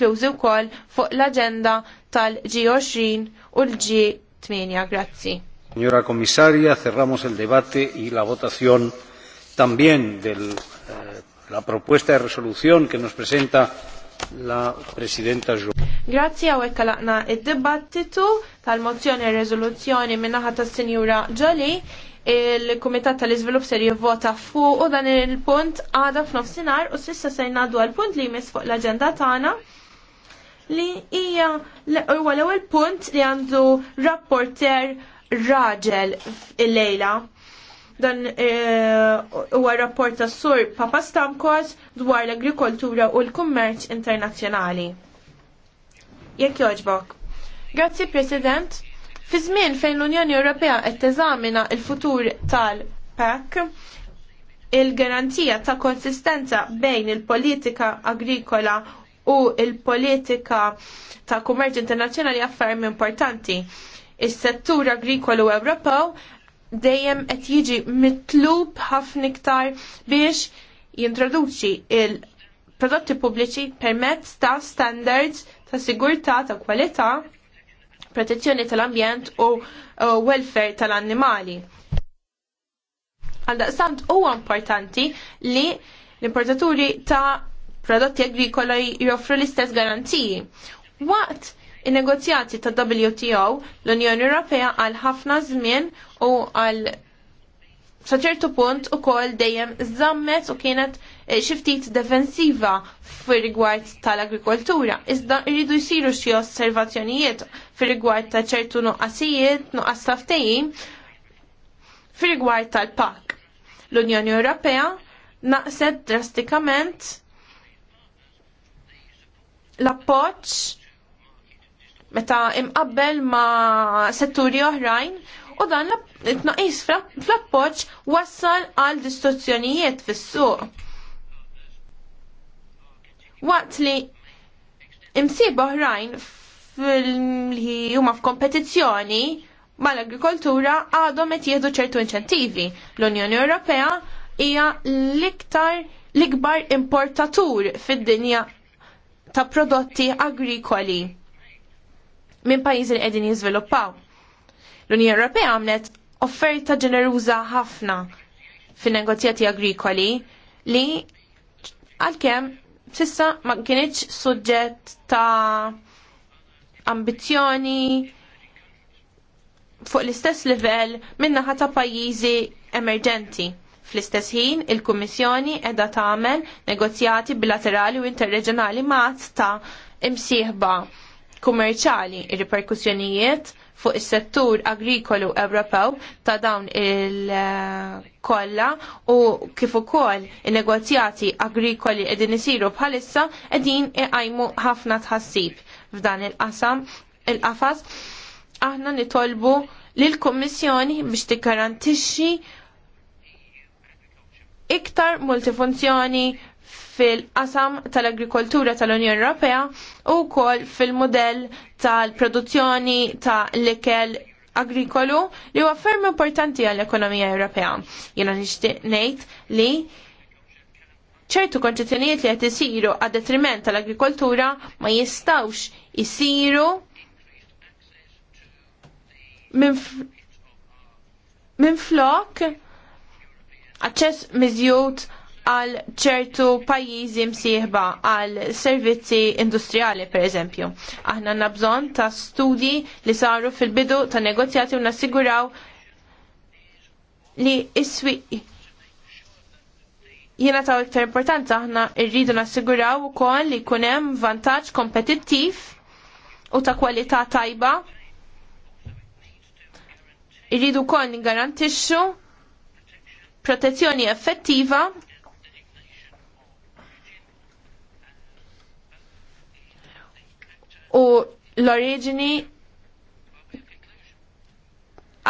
klużi wkoll fuq l-aġenda tal-G20 u l-G8. Grazzi. Signora Commissaria, cerramos el debate y la votación también de eh, la propuesta de resolución que nos presenta la Presidenta Jo. Grazzi għawek kalaqna il dibattitu tal-mozzjoni e rezoluzzjoni minnaħa ta' Signora Ġoli il-Kumitat tal-Iżvilupp ser jivvota fuq u dan il-punt għada f'nofsinhar u s'issa se jnadu għal-punt li jmiss fuq l-aġenda tagħna li hija huwa l-ewwel punt li għandu rapporter raġel il-lejla. Dan eh, huwa rapport tas sur Papa Stamkos dwar l-agrikoltura u l-kummerċ internazzjonali. Jekk joġbok. Grazzi President. Fi żmien fejn l-Unjoni Ewropea qed teżamina l-futur tal-PAC, il-garanzija ta' konsistenza bejn il-politika agrikola u il-politika ta' kummerċ internazzjonali affarmi importanti. Is-settur agrikolu Ewropew dejjem qed jiġi mitlub ħafna iktar biex jintroduċi il-prodotti pubbliċi permezz ta' standards ta' sigurtà ta' kwalità, protezzjoni tal-ambjent u welfare tal-annimali. Għaldaqstant huwa importanti li l-importaturi ta' prodotti agrikoli joffru l-istess garanziji. Waqt in-negozjati ta' WTO l-Unjoni Ewropea għal ħafna żmien u għal saċertu punt u kol dejjem zammet u kienet eh, xiftit defensiva fir rigward tal-agrikoltura. Iżda irridu jisiru xi osservazzjonijiet fir rigward ta' ċertu nuqqasijiet, nuqqas taftejjin fir rigward tal-pak. L-Unjoni Ewropea naqset drastikament l-appoġġ meta imqabbel ma' setturi oħrajn u dan it-tnaqis fl-appoġġ wassal għal distruzzjonijiet fis-suq. Waqt li imsib oħrajn fil-li huma f'kompetizzjoni mal-agrikoltura għadhom qed jieħdu ċertu inċentivi. L-Unjoni Ewropea hija l-iktar l-ikbar importatur fid-dinja ta' prodotti agrikoli minn pajjiżi li qegħdin jiżviluppaw. L-Unjoni Ewropea għamlet offerta ġeneruża ħafna fin-negozjati agrikoli li għalkemm sissa ma kienx suġġett ta' ambizzjoni fuq l-istess livell min-naħa ta' pajjiżi emerġenti. Fl-istess ħin, il-Kummissjoni qiegħda tagħmel negozjati bilaterali u interreġjonali ma' ta' imsieħba kummerċali ir-riperkussjonijiet fuq is-settur agrikolu Ewropew ta' dawn il-kollha u kif ukoll in-negozjati agrikoli qegħdin isiru bħalissa qegħdin iqajmu ħafna tħassib f'dan il-qasam il-qafas aħna nitolbu lill kummissjoni biex tikkarantixxi iktar multifunzjoni fil-qasam tal-agrikoltura tal-Unjoni Ewropea u wkoll fil-modell tal-produzzjoni ta' l-ikel agrikolu li huwa ferm importanti għall-ekonomija Ewropea. Jiena nixtieq ngħid li ċertu konċezzjonijiet li qed isiru għad detriment tal-agrikoltura ma jistawx isiru minn flok aċċess miżjud għal ċertu pajjiżi msieħba għal servizzi industrijali per eżempju. Aħna għandna bżonn ta' studji li saru fil-bidu ta' negozjati u nassiguraw li iswi jiena ta' iktar importanza aħna rridu nassiguraw ukoll li jkun hemm vantaġġ kompetittiv u ta' kwalità tajba. Irridu wkoll niggarantixxu protezzjoni effettiva u l origini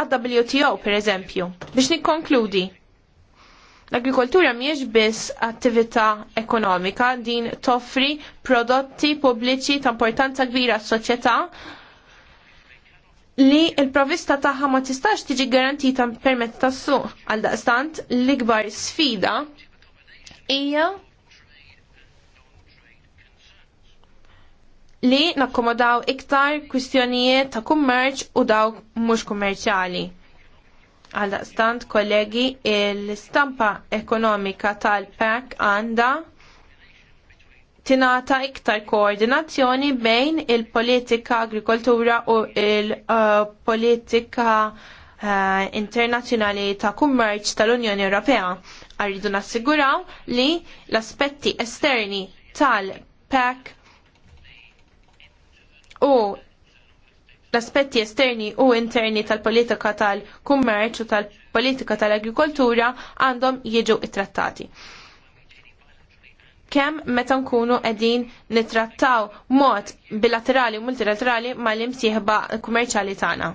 għad-WTO per eżempju. Biex nikkonkludi, l-agrikoltura miex biss attività ekonomika din toffri prodotti pubbliċi ta' importanza kbira s-soċjetà li il-provista taħħa ma tistax tiġi garantita permezz tas-suq għal daqstant l-ikbar sfida hija li nakkomodaw iktar kwistjonijiet ta' kummerċ u daw mhux kummerċjali. Għal daqstant, kollegi, l-istampa ekonomika tal pac għanda tinata iktar koordinazzjoni bejn il-politika agrikoltura u il-politika uh, internazzjonali ta' kummerċ tal-Unjoni Ewropea. Arridu nassiguraw li l-aspetti esterni tal-PAC u l-aspetti esterni u interni tal-politika tal-kummerċ u tal-politika tal-agrikoltura għandhom jiġu ittrattati. trattati kemm meta nkunu qegħdin nitrattaw mod bilaterali u multilaterali mal-imsieħba kummerċjali tagħna.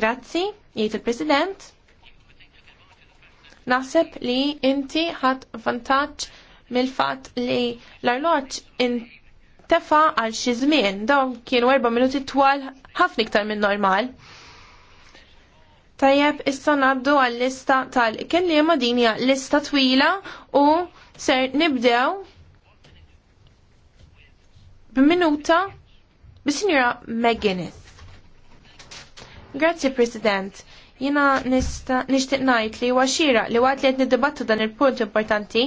Grazzi, jgħid il-President. Naħseb li inti ħadd vantaġġ mill-fatt li l-arloġġ intefa għal xi żmien dawn kienu erba' minuti twal ħafna iktar minn normal. Tajjeb, issa naddu għal-lista tal-kellima dinja lista twila u ser nibdew Minuta, bis McGinnis. McGuinness. Grazie, President. Jina nishtiq najt li waxira li waqt li għed nid-dibattu dan il-punt importanti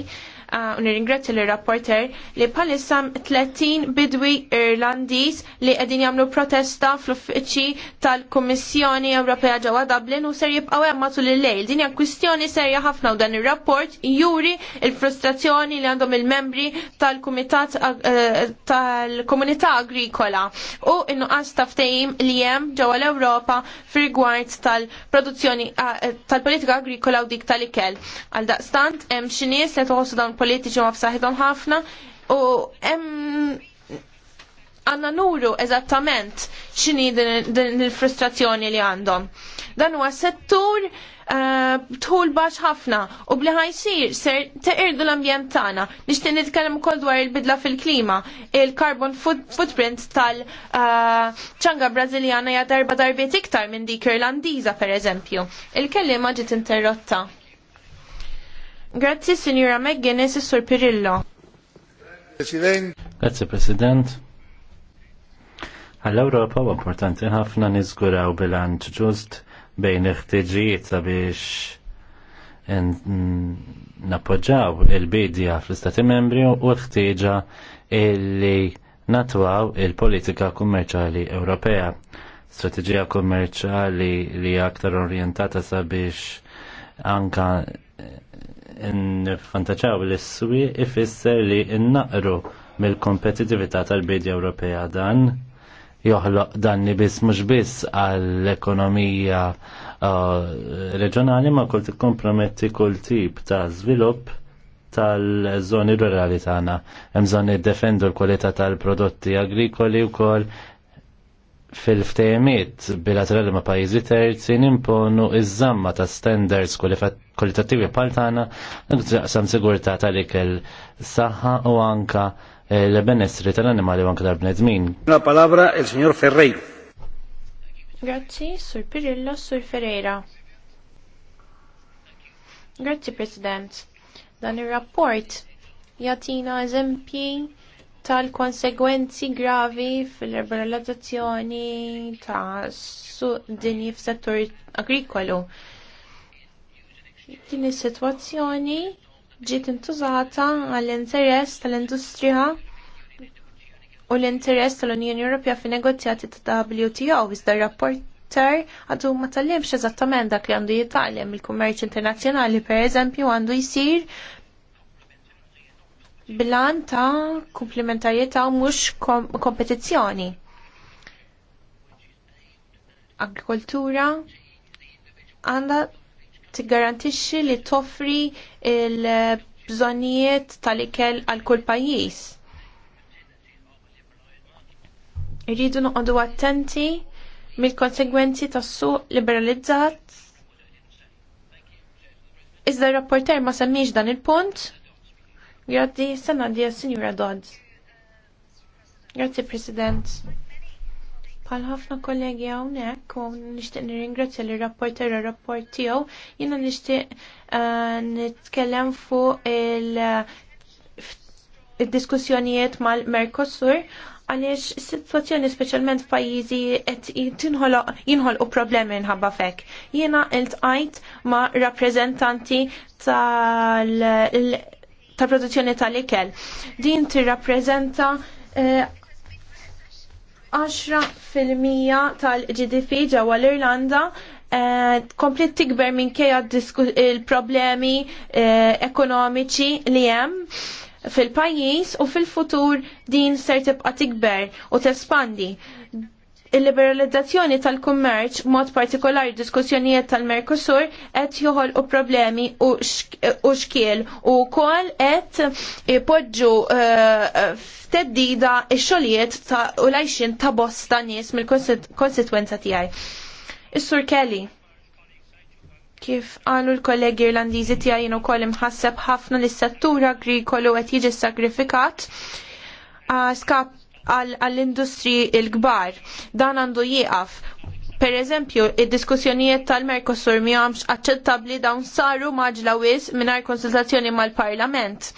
u nirringrazzja l-rapporter li bħalissa 30 bidwi Irlandiż li qegħdin jagħmlu protesta fl-uffiċċji tal-Kummissjoni Ewropea ġewwa Dublin u ser jibqgħu hemm matul il-lejl. Din hija kwistjoni serja ħafna u dan ir-rapport juri il-frustrazzjoni li għandhom il-membri tal-Kumitat eh, tal-Komunità Agrikola u innuqas ta' ftehim li hemm ġewwa l-Ewropa fir-rigward tal-produzzjoni eh, tal-politika agrikola u dik tal-ikel. Għal daqstant hemm xi nies li toħossu politiċi ma f'saħħithom ħafna u hemm għanna nuru eżattament x'inhi din il-frustrazzjoni li għandhom. Dan huwa settur eh, tħul baċ ħafna u bli ħajsir ser teqirdu l-ambjent tagħna. Nixtieq nitkellem ukoll dwar il-bidla fil-klima. Il-carbon footprint tal-ċanga eh, Brażiljana hija darba darbiet iktar minn dik Irlandiża pereżempju. Il-kelliema ġiet interrotta. Grazzi, Signora McGuinness e Pirillo. Grazie, President. Għall-Ewropa huwa importanti ħafna niżguraw bilanċ ġust bejn il-ħtiġijiet sabiex nappoġġaw il-bidja fl-Istati membri u l-ħtieġa illi natwaw il-politika kummerċali Ewropea. Strateġija kummerċali li aktar orjentata sabiex anka nfantaċaw l-swi ifisser li n-naqru mill-kompetitività tal-bidja Ewropea dan joħloq danni biss mhux biss għall-ekonomija uh, reġjonali ma kull tikkomprometti kull tip ta' żvilupp tal-żoni rurali tagħna. Hemm bżonn niddefendu l-kwalità tal-prodotti agrikoli wkoll fil ftejmiet bilaterali ma' pajjiżi terzi nimponu iż-żamma ta' standards kwalitattivi paltana sam sigurtà tal-ikel saħħa u anka eh, l-benessri tal-animali u anka tal-bnedmin. La palabra il-Signor Ferrej. Grazzi, Sur Pirillo, Sur Ferreira. Grazzi, President. Dan ir rapport jatina eżempji tal-konsegwenzi gravi fil-liberalizzazzjoni ta' suq dinji settur agrikolu. Din is-sitwazzjoni ġiet intużata għall-interess tal-industrija u l-interess tal-Unjoni Ewropea fin negozjati ta' WTO iżda rapporter għadu ma tallimx eżattament dak li għandu jitgħallem il-kummerċ internazzjonali pereżempju għandu jsir bilan ta' komplementarieta u mux kompetizjoni. kompetizzjoni. Agrikoltura għanda t-garantixi li toffri il-bżonijiet tal-ikel għal kull pajis. Rridu noqdu attenti mill-konsegwenzi tas-suq liberalizzat Iżda r-rapporter ma semmix dan il-punt Grazzi, sanna di signora Dodds. Grazzi, President. Pal ħafna kollegi hawnhekk u nixtieq nirringrazzja li rapporter rapport tiegħu, jiena nixtieq eh, nitkellem fuq il-diskussjonijiet mal-Mercosur għaliex situazzjoni specialment f'pajjiżi qed jinħolqu problemi minħabba fek. Jiena iltqajt ma' rappreżentanti tal ta' produzzjoni tal-ikel. Din tirrappreżenta eh, 10% tal-GDP ġewwa l-Irlanda eh, komplet tikber minkejja il-problemi eh, ekonomiċi li hemm fil-pajjiż u fil-futur din ser tibqa' tikber u tespandi il-liberalizzazzjoni tal-kummerċ mod partikolari diskussjonijiet tal-Mercosur qed joħolqu problemi u xkiel u wkoll qed ipoġġu eh, f'teddida x-xogħlijiet u lajxin ta' bosta nies mill-konsitwenza tiegħi. Is-Sur Kelly. Kif għalu l-kollegi irlandiżi tiegħi jien ukoll imħasseb ħafna l-settur agrikolu qed jiġi sagrifikat skap għall-industri il-kbar. Dan għandu jieqaf. Per eżempju, id-diskussjonijiet tal mercosur mi aċċettabbli dawn saru maġla wis minar konsultazzjoni mal-Parlament.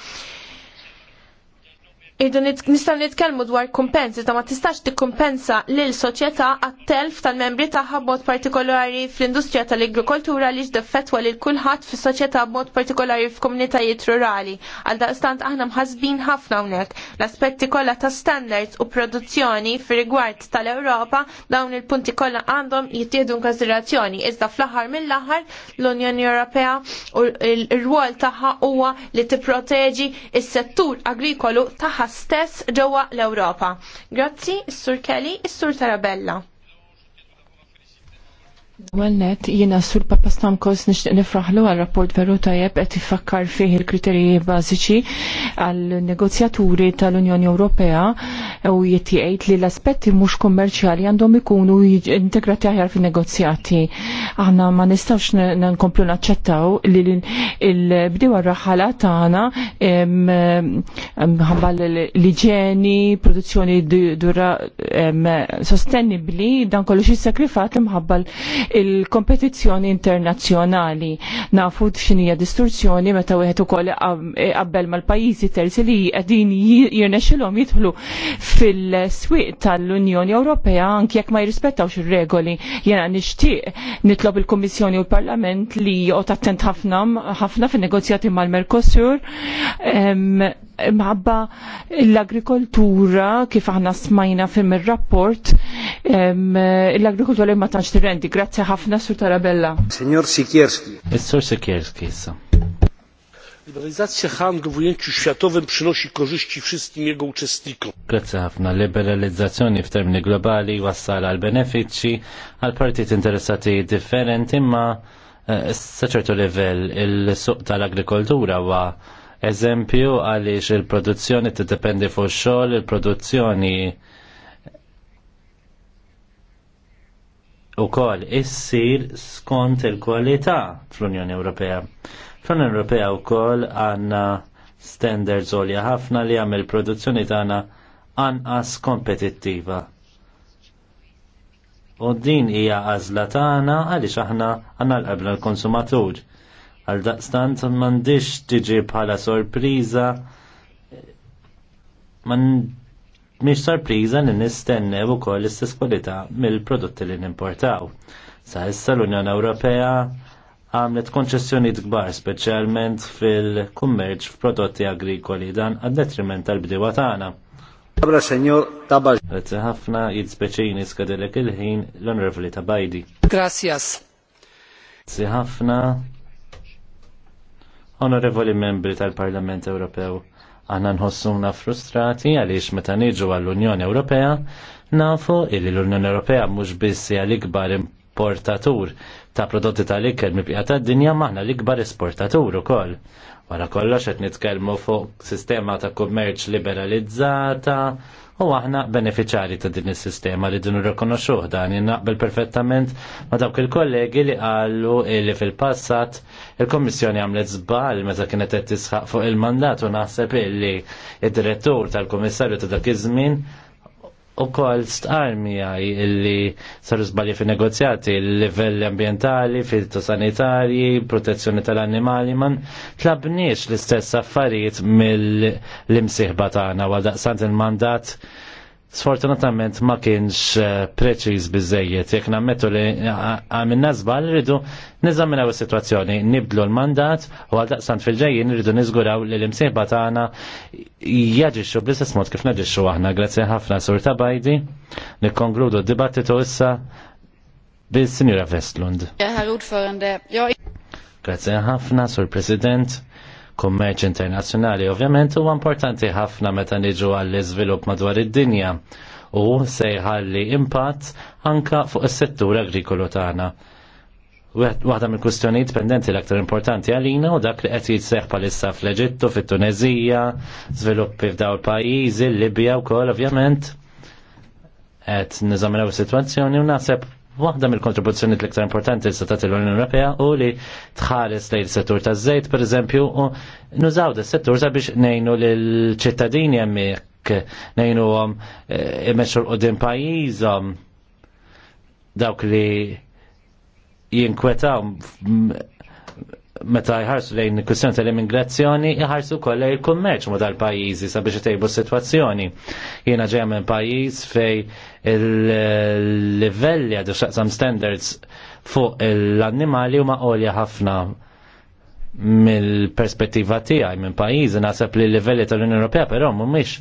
Irdu nistaw nitkellmu dwar kumpensi, ta' ma tistax tikkumpensa lil soċjetà għat-telf tal-membri tagħha b'mod partikolari fl-industrija tal-agrikoltura li ġdeffettwa lil kulħadd fis-soċjetà b'mod partikolari f'komunitajiet rurali. Għal daqstant aħna mħasbin ħafna hawnhekk. L-aspetti kollha ta' standards u produzzjoni fir-rigward tal-Ewropa dawn il-punti kollha għandhom jittieħdu konsiderazzjoni. Iżda fl-aħħar mill-aħħar l-Unjoni Ewropea u r-rwol tagħha huwa li tipproteġi s-settur agrikolu tagħha stess ġewwa l-Ewropa. Grazzi, sur Kelly, sur Tarabella. Għalnet, jina sur Papa Stamkos nishtiq nifraħlu għal rapport veru tajjeb qed ifakkar fih il-kriterji bażiċi għal negozjaturi tal-Unjoni Ewropea u jittiqgħid li l-aspetti mhux kommerċjali għandhom ikunu integrati aħjar fin-negozjati. Aħna ma nistgħux nkomplu naċċettaw li l-bdiewa raħala tagħna ħabal l ġeni produzzjoni sostenibbli, dan sakrifat jissakrifat imħabbal il-kompetizzjoni internazzjonali. Nafu x'inhija distorsjoni meta wieħed ukoll qabel mal-pajjiżi terzi li qegħdin jirnexxilhom jidħlu fil-swieq tal-Unjoni Ewropea anke jekk ma jirrispettawx ir-regoli. Jena nixtieq nitlob il-Kummissjoni u l-Parlament li joqgħod attent ħafna ħafna fin-negozjati mal-Mercosur mħabba l-agrikoltura kif aħna smajna fim il-rapport l-agrikoltura li ma tantx rendi Grazzi ħafna Sur Tarabella. Signor Sikierski. sur Sikierski jissa. Liberalizacja handlu w ujęciu światowym przynosi korzyści wszystkim jego uczestnikom. Grazie ħafna. Liberalizzazzjoni f'termini globali wassal għal benefici għal partit interessati differenti imma eh, sa ċertu livell il-suq tal-agrikoltura wa' eżempju għaliex il-produzzjoni tiddependi fuq xogħol, il-produzzjoni ukoll issir skont il-kwalità fl-Unjoni Ewropea. Fl-Unjoni Ewropea wkoll għandna standards għolja ħafna li għamil produzzjoni tagħna anqas kompetittiva. U din hija għażla tagħna għaliex aħna għandna l-qabla l-konsumatur. l qabna l konsumatur Għal daqstant mandiċ tiġi bħala sorpriza man miex sorpriza li nistennew ukoll l-istess kwalità mill-prodotti li nimportaw. Sa issa l-Unjoni Ewropea għamlet konċessjonijiet kbar speċjalment fil-kummerċ f'prodotti agrikoli dan għad-detriment tal bdiwa tagħna. Tabra senjor Tabaj. Grazie ħafna jitspeċini skadilek il-ħin l-Onorevoli Tabajdi. Grazzjas. Grazie ħafna. Onorevoli membri tal-Parlament Ewropew, għanna nħossuna frustrati għaliex meta niġu għall-Unjoni Ewropea, nafu illi l-Unjoni Ewropea mhux biss għal l-ikbar importatur ta' prodotti tal-ikel mibqija tad-dinja maħna l-ikbar esportatur ukoll. Wara kollox qed nitkellmu fuq sistema ta' kummerċ liberalizzata, u aħna beneficiari ta' din is-sistema li din irrikonoxxuh dan naqbel perfettament ma' dawk il-kollegi li qalu li fil-passat il-Kommissjoni għamlet żball meta kienet qed tisħaq fuq il-mandat u naħseb illi id-direttur tal-Kummissarju ta' dak iż-żmien u kol stqarmi għaj illi saru zbalja fi negozjati il-livelli ambientali, fil-sanitarji, protezzjoni tal-animali, man tlabniex l-istess affarijiet mill-imsiħba tagħna wa daqsant il-mandat sfortunatament ma kienx eh, preċiż biżejjed jekk nammettu li eh, għamilna żball rridu niżaminaw is-sitwazzjoni, nibdlu l-mandat u għal daqsant fil-ġejjin rridu niżguraw li l-imsejba tagħna jaġixxu bl-istess mod kif naġixxu aħna. Grazie ħafna sur Tabajdi. Nikkonkludu d-dibattitu issa bil-Sinjura Vestlund. Grazie ħafna sur President kummerċ internazzjonali ovvjament huwa importanti ħafna meta niġu għall iżvilupp madwar id-dinja u se jħalli impatt anka fuq is-settur agrikolu tagħna. Waħda mill kustjonijiet pendenti l-aktar importanti għalina u dak li qed jitseħħ bħalissa fl-Eġittu, fit-Tuneżija, żviluppi f'daw il-pajjiżi, l-Libja wkoll ovvjament qed niżaminaw is-sitwazzjoni u naħseb Waħda mill-kontribuzzjoni l-iktar importanti li tagħti l-Unjoni Ewropea u li tħares lejn settur taż-żejt pereżempju u nużaw da settur sabiex ngħinu lill-ċittadini hemmhekk ngħinuhom eh, imexxu l qudiem pajjiżhom dawk li jinkwetaw mm, meta jħarsu lejn kwestjoni tal-immigrazzjoni jħarsu kollha il-kummerċ ma tal-pajjiżi sabiex itejbu s-sitwazzjoni. Jiena ġejja minn pajjiż fej il-livelli għadu xaqsam standards fuq l-annimali huma għolja ħafna mill-perspettiva tiegħi minn pajjiżi naħseb li l-livelli tal-Unjoni Ewropea però mhumiex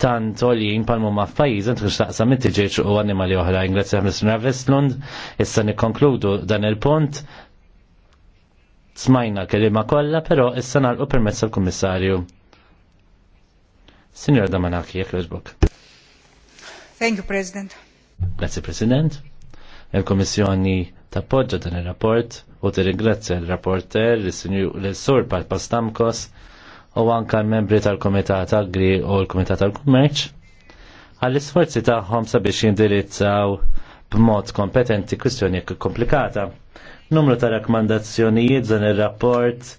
tant għoljin palmu ma' f'pajjiż inti xtaqsam inti ġejġ u annimali oħra. Ingrazzi ħafna Sinra Vestlund, issa nikkonkludu dan il-punt Smajna kelima kollha, però issa nagħlqu permezz tal-Kummissarju. Signor Damanaki, jekk jogħġbok. Thank you, President. Grazie, President. Il-Kommissjoni tappoġġa dan ir-rapport u tirringrazzja l-rapporter, l-sur Pastamkos u anka l-membri tal-Komitat Agri u l-Komitat tal-Kummerċ għall-isforzi tagħhom sabiex jindirizzaw b'mod kompetenti kwistjoni komplikata. Numru ta' rakkomandazzjonijiet dan ir-rapport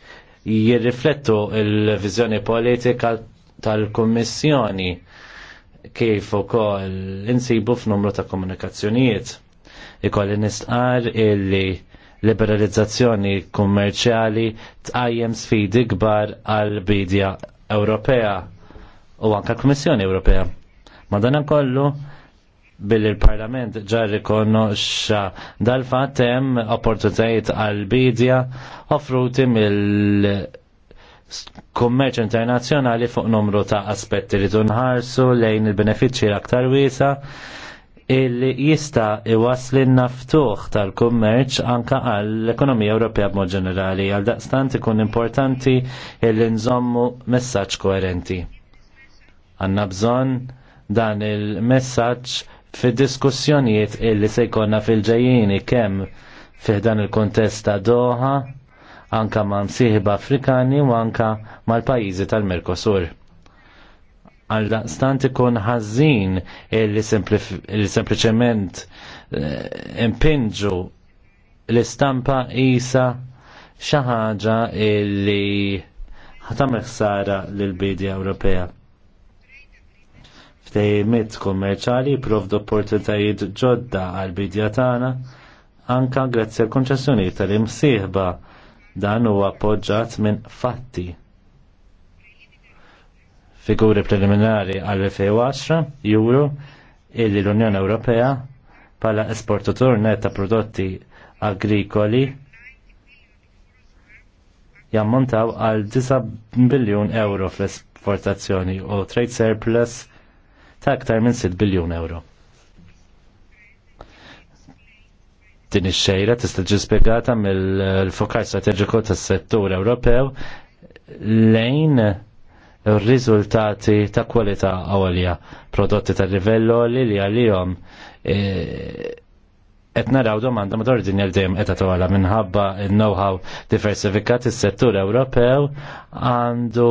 jirriflettu il-viżjoni politika tal-Kummissjoni kif ukoll insibu f'numru ta' komunikazzjonijiet. Ikolli nistqar illi liberalizzazzjoni kummerċjali tqajjem sfidi kbar għal bidja Ewropea u anka Kummissjoni Ewropea. Madankollu billi l-Parlament konno xa dal-fatt hemm opportunitajiet għal bidja offruti mill kummerċ internazzjonali fuq numru ta' aspetti li tunħarsu lejn il-benefiċċji l-aktar wiesa illi jista' iwaslinna ftuħ tal-kummerċ anka għall-ekonomija Ewropea b'mod ġenerali għal daqstant ikun importanti illi nżommu messaġġ koerenti. Għanna bżonn dan il-messaġġ Fid-diskussjonijiet illi se jkollna fil-ġejjini kemm fih dan il-kontest ta' Doha, anka ma' msieħba Afrikani u anka mal-pajjiżi tal-Merkosur. Għal daqstant ikun ħażin illi sempliċement eh, impinġu l-istampa isa xi ħaġa illi ħatamek ħsara lill bidja Ewropea Ftejmiet kummerċali provdu opportunitajiet ġodda għal bidja tagħna anka grazzi għal konċessjonijiet tal-imsieħba dan huwa appoġġjat minn fatti. Figuri preliminari għal 2010 juru illi l-Unjoni Ewropea pala esportatur net ta' prodotti agrikoli jammontaw għal 9 biljon euro fl-esportazzjoni u trade surplus ta' aktar minn 6 biljun euro. Din ix-xejra tista' ġi spjegata mill-fokar strateġiku tas-settur Ewropew lejn r-riżultati ta' kwalità għolja, prodotti tal livell li li għalihom e qed naraw domanda ma dordin il-dejjem qed tagħla minħabba il-know-how diversifikat is-settur Ewropew għandu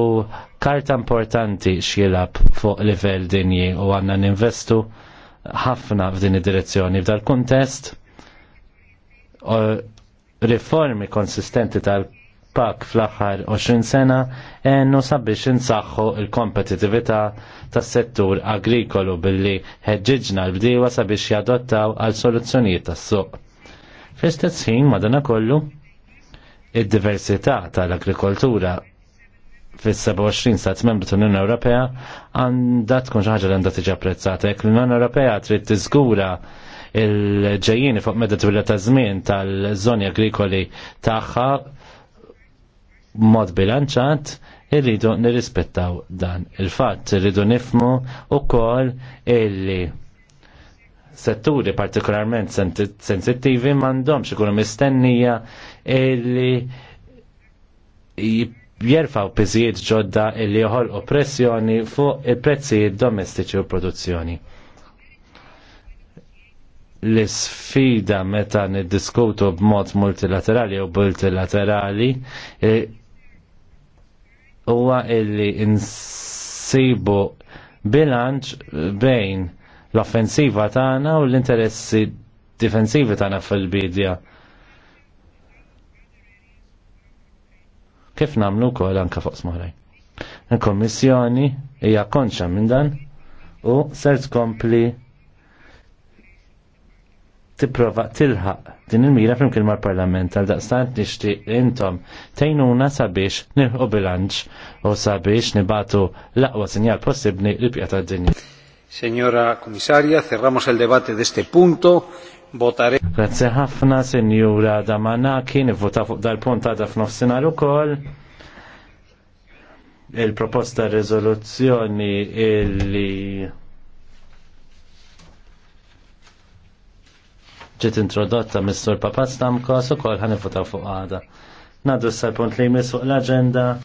karta importanti x'jilab fuq livell dinji u għandna ninvestu ħafna f'din id-direzzjoni f'dal kuntest uh, riformi konsistenti tal pak fl-axar 20 sena ennu sabiex insaxħu il-kompetitività tas settur agrikolu billi ħeġġiġna l-bdiewa sabiex jadottaw għal soluzzjonijiet tas-suq. Fl-istess ħin madana kollu id-diversità tal-agrikoltura fis-27 stat membru tal-Unjoni Ewropea għandha tkun xi ħaġa li għandha tiġi apprezzata. Jekk l-Unjoni Ewropea trid tiżgura il-ġejjini fuq medda twila ta' żmien tal-żoni agrikoli tagħha mod bilanċat irridu nirrispettaw dan il-fatt, irridu nifmu u kol illi setturi partikolarment sensittivi mandom ikunu mistennija illi jerfaw pizijiet ġodda illi joħol oppressjoni fuq il-prezzijiet domestiċi u produzzjoni. L-sfida meta niddiskutu b'mod multilaterali u multilaterali eh, huwa illi insibu bilanċ bejn l-offensiva tagħna u l-interessi difensivi tagħna fil-bidja. Kif nagħmlu wkoll anke fuq smaħrajn. Il-Kommissjoni hija konxa minn dan u ser tkompli tipprova tilħaq din il-mira flimkien mal-Parlament għal daqstant nixtieq intom tejnuna sabiex nilħu bilanċ u sabiex nibatu l-aqwa sinjal possibbli l-pjata d-dinja. Senjora Komissarja, cerramos il debate de este punto. Votare. Grazie ħafna, Signora Damanaki, nivvota fuq dal-punt għada f'nofsinhar ukoll. Il-proposta rezoluzzjoni illi ġiet introdotta mis-sur Papastamkos u kol ħanifutaw fuq għada. Nadu s-sal punt li jmiss fuq l-agenda.